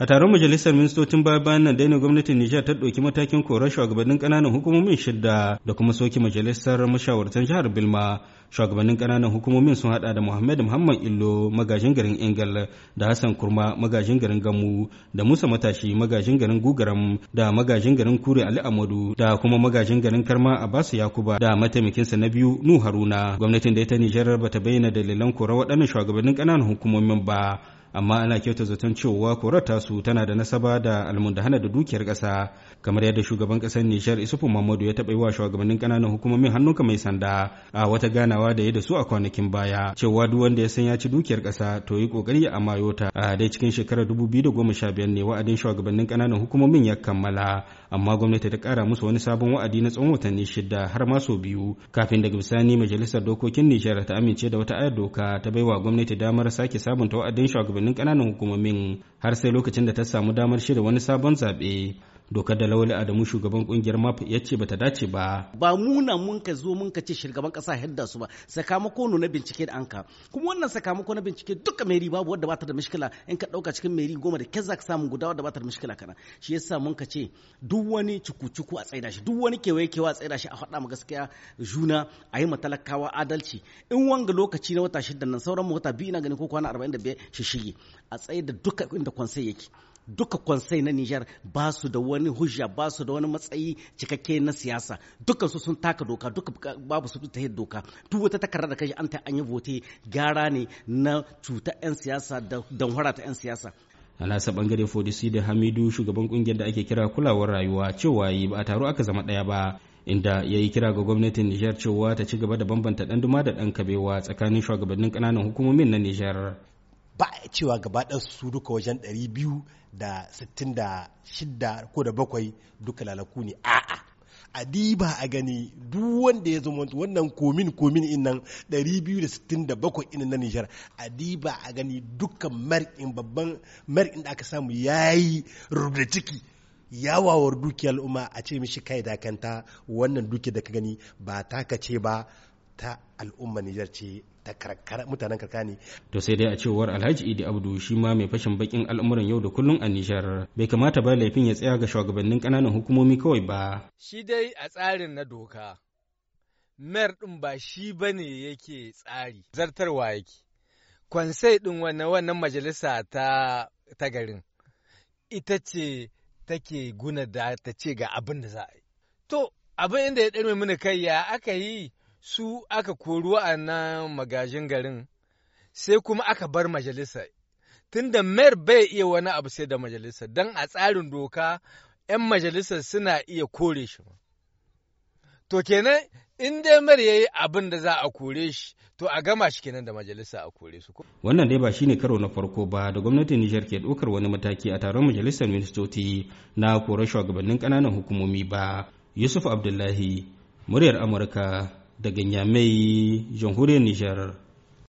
a taron majalisar ministocin baya bayan nan daina gwamnatin nijar ta ɗauki matakin korar shugabannin ƙananan hukumomin shidda da kuma soke majalisar mashawartan jihar bilma shugabannin ƙananan hukumomin sun haɗa da muhammad muhammad illo magajin garin ingal da hassan kurma magajin garin gamu da musa matashi magajin garin gugaram da magajin garin kure ali amadu da kuma magajin garin karma Basu yakuba da mataimakinsa na biyu nu haruna gwamnatin da ita nijar ba ta bayyana dalilan korar waɗannan shugabannin ƙananan hukumomin ba amma ana kyauta zaton cewa korar tasu tana da nasaba da almundahana da dukiyar ƙasa kamar yadda shugaban ƙasar nishar isufu mamadu ya taɓa yi wa shugabannin ƙananan hukumomin hannunka mai sanda a wata ganawa da ya da su a kwanakin baya cewa duk wanda ya san ya ci dukiyar ƙasa to yi ƙoƙari a mayo ta a dai cikin shekarar biyar ne wa'adin shugabannin ƙananan hukumomin ya kammala amma gwamnati ta ƙara musu wani sabon wa'adi na tsawon watanni shida har ma sau biyu kafin daga bisani majalisar dokokin nishar ta amince da wata ayar doka ta baiwa gwamnati damar sake sabunta wa'adin shugaban shugabannin ƙananan hukumomin har sai lokacin da ta samu damar shirya wani sabon zaɓe dokar da lauli adamu shugaban kungiyar map ya ce bata dace ba ba muna mun ka zo mun ka ce shugaban kasa hadda su ba sakamako no na bincike da anka kuma wannan sakamako na bincike duka meri babu wadda bata da mishkila in ka dauka cikin meri goma da kyar zaka samu guda wadda bata da mishkila kana shi yasa mun ka ce duk wani cuku-cuku a tsaida shi duk wani kewaye kewa a tsaida shi a faɗa mu gaskiya juna a yi talakawa adalci in wanga lokaci na wata shida nan sauran mu wata biyu ina ganin ko kwana 45 shi shige a tsaida duka inda kwansai yake duka kwansai na Nijar ba su da wani hujja ba su da wani matsayi cikakke na siyasa dukkan su sun taka doka duka babu su ta doka duk wata takarda da kashi an ta an yi vote gyara ne na cuta 'yan siyasa da danhwara ta 'yan siyasa a sa bangare fodisi da hamidu shugaban kungiyar da ake kira kulawar rayuwa cewa yi ba a taro aka zama daya ba inda ya yi kira ga gwamnatin nijar cewa ta ci gaba da bambanta dan da ɗan kabewa tsakanin shugabannin kananan hukumomin na nijar ba a cewa gaba su duka wajen 266 ko da bakwai duka lalaku ne a a diba a gani duk wanda ya zama wannan komin komin in 267 in na Nijar a diba a gani dukkan mar'in babban mar'in da aka samu ya yayi rubda ciki yawawar dukiyar al'umma a ce mishi kai dakanta wannan duki da ka gani ba taka ce ba ta al'umma Nijar ce ta karkara mutanen karkara ne. To sai dai a cewar Alhaji Idi Abdu shi ma mai fashin bakin al'amuran yau da kullum a Nijar bai kamata ba laifin ya tsaya ga shugabannin ƙananan hukumomi kawai ba. Shi dai a tsarin na doka mayor ɗin ba shi ba ne yake tsari zartarwa yake. Kwansai ɗin wannan majalisa ta ta garin ita ce take guna da ta ce ga abin da za a yi. To abin inda ya ɗarme mini kai ya aka yi su aka a wa'annan magajin garin sai kuma aka bar majalisa tunda mayar bai iya wani abu sai da majalisa don a tsarin doka 'yan majalisa suna iya kore shi to kenan in dai mayar ya yi abin da za a kore shi to a gama shi kenan da majalisa a kore su wannan dai ba shi ne karo na farko ba da gwamnatin Nijar ke ɗaukar wani mataki a taron majalisar ministoci na kore shugabannin ƙananan hukumomi ba Yusuf Abdullahi muryar Amurka daga Nyamai, jamhuriyar Nijar.